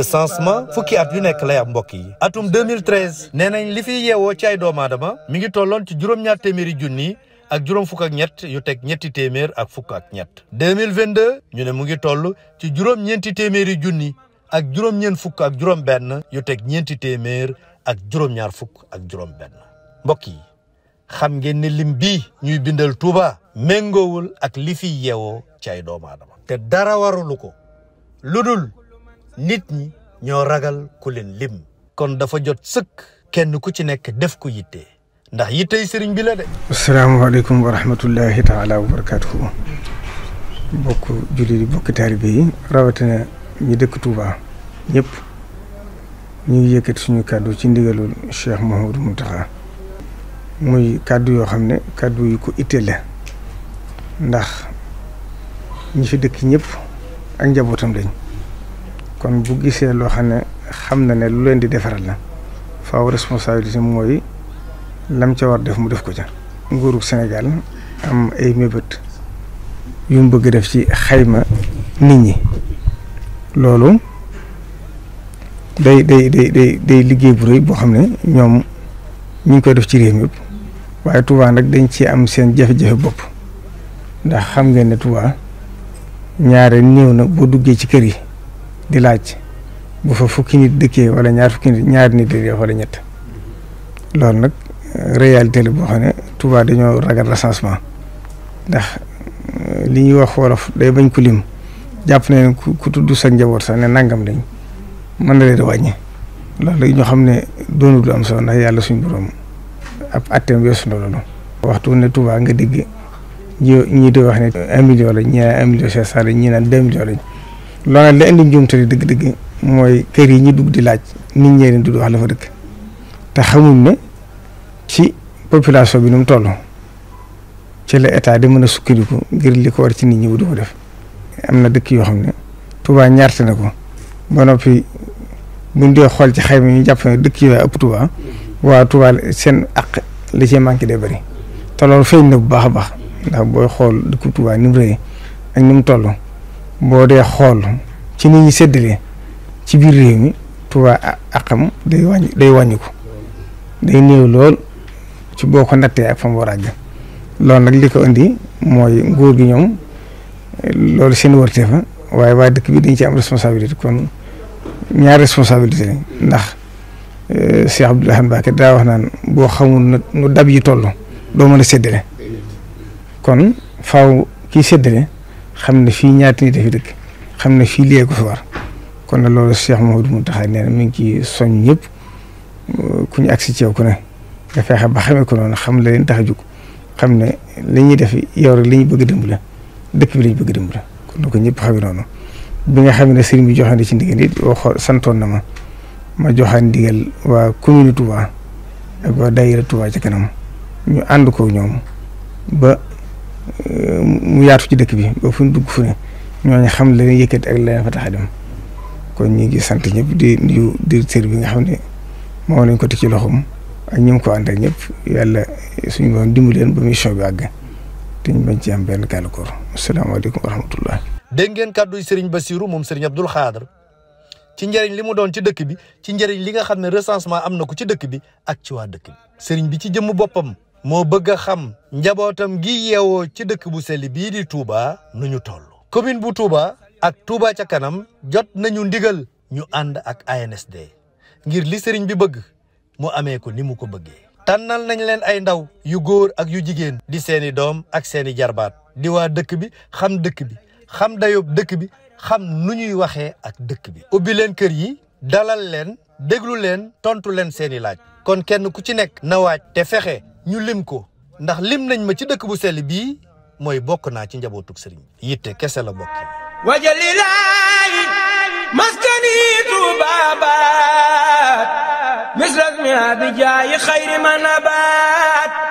recensement fukki at yu nekk lay am mbokk yi atum 2013 nee nañ li fi yeewoo ci ay doom aadama mi ngi tolloon ci juróom-ñaar téeméeri junni ak juróom fukk ak ñett yu teg ñetti téeméer ak fukk ak ñett 2022 ñu ne mu ngi toll ci juróom-ñeenti téeméeri junni ak juróom-ñeent fukk ak juróom-benn yu teg ñeenti téeméer ak juróom-ñaar fukk ak juróom-benn mbokk yi. xam ngeen ni lim bii ñuy bindal Touba méngoowul ak li fi yeewoo ci ay doomu te dara warulu ko lu dul nit ñi ñoo ragal ku leen lim kon dafa jot sëkk kenn ku ci nekk def ko yitte ndax yittey sëriñ bi la de asalaamaaleykum wa rahmatullahi taala wa barakatuhu bokk jullit yi bokk taalibe yi rawatina ñi dëkk Touba ñëpp ñu yëkkat suñu kàddu ci ndigalul Cheikh Mouhamadou Mountakha muy kàddu yoo xam ne kàddu yu ko itteel la ndax ñi fi dëkk ñëpp ak njabootam lañ kon bu gisee loo xam ne xam na ne lu leen di defaral la faaw responsabilité mooy lam ca war def mu def ko ca nguurug Sénégal am ay mébét yu mu bëgg def ci xayma nit ñi loolu day day day day day liggéey bu rëy boo xam ne ñoom ñu koy def ci réew mi waaye Touba nag dañ ci am seen jafe-jafe bopp ndax xam ngeen ne Touba ñaare néew na boo duggee ci kër yi di laaj bu fa fukki nit dëkkee wala ñaar fukki nit ñaari nit dëkkee wala ñett loolu nag euh, réalité boo xam ne Touba dañoo ragal recensement ndax euh, li ñuy wax wolof day bañ ko lim jàpp ne ku tudd sa njaboot sax ne nangam lañ mën na leen a wàññi loolu ñoo xam ne doonu du am solo ndax yàlla suñ borom. ab atteem weesu na loolu waxtu ne Touba nga dégg ñi de wax ne un million lañ ñi naan un million cinq cent lañ ñi naan deux millions lañ loolu la indi njuumte li dëgg-dëgg mooy kër yi ñu dugg di laaj nit ñee leen di wax la fa dëkk te xamuñ ne ci population bi nu mu toll ci la état di mën a sukkandiku ngir li ko war ci nit ñi du ko def am na dëkk yoo xam ne Touba ñaarte na ko ba noppi buñ dee xool ci xayma ñu jàpp ne dëkk yooyu ëpp Touba waa Touba seen aq li ci manqué dee bëri te loolu feeñ na bu baax a baax ndax booy xool dëkku Touba ni mu rëy ak ni mu toll boo dee xool ci ni ñuy séddalee ci biir réew mi Touba aqam day wàññi day lool ci boo ko nattee ak fa mu loolu nag li ko indi mooy nguur gi ñoom loolu seen wërte fa waaye waa dëkk bi dañ ci am responsabilité kon ñaar responsabilité lañ ndax. Eh, Cheikh Abdoul Ahad Mbacké daa wax naan boo xamul na nu dab yi toll doo mën a séddale kon faaw kii séddale xam ne fii ñaata nit dafi dëkk xam ne fii lée ko fi war kon na loolu Cheikh mu Mountakha nee na mi ngi ci soñ ñëpp euh, ku ñu agsi ci yow ku ne nga fexe ba xamee ko noonu xam la leen taxa a xam ne li ñuy def yow rek li ñu bëgg a dimbale dëkk bi la ñu bëgg dem dimbale kon na ko ñëpp xamee noonu bi nga xam ne sëriñ bi joxe na ci ndigal it waxoon na ma ma joxaat ndigal waa commune Touba ak waa daayira Touba ci kanam ñu ànd ko ñoom ba euh, mu yaatu ci dëkk bi ba fu ñu dugg fu ne ñooñu xam la leen yëkkati ak la leen fa tax a dem kon ñu ngi sant ñëpp di nuyu directeur bi nga xam ne moom lañ ko teg ci loxoom ak ñi mu ko ànd ak ñëpp yàlla suñu borom dimbali leen ba mission bi àgg te ñu bañ ci am benn gàllankoor asalaamaaleykum wa rahmatullah. dégg ngeen kàddu yi Serigne Bassirou moom Serigne Abdoul Khadr ci njëriñ li mu doon ci dëkk bi ci njëriñ li nga xam ne recensement am na ko ci dëkk bi ak ci waa dëkk bi sëriñ bi ci jëmm boppam moo bëgg a xam njabootam gi yeewoo ci dëkk bu sell bii di Touba nu ñu toll commune bu Touba ak Touba ca kanam jot nañu ndigal ñu ànd ak ANSD ngir li sëriñ bi bëgg mu amee ko ni mu ko bëggee tànnal nañ leen ay ndaw yu góor ak yu jigéen di seeni doom ak seeni jarbaat di waa dëkk bi xam dëkk bi xam dayob dëkk bi xam nu ñuy waxee ak dëkk bi ubbi leen kër yi dalal leen déglu leen tontu leen seeni laaj kon kenn ku ci nekk na waaj te fexe ñu lim ko ndax lim nañ ma ci dëkk bu sell bii mooy bokk naa ci njabootug sëriñ bi yitte kese la bokk wajalilaayi maskanitu baabaat misras mi abijaayi xayri ma nabaat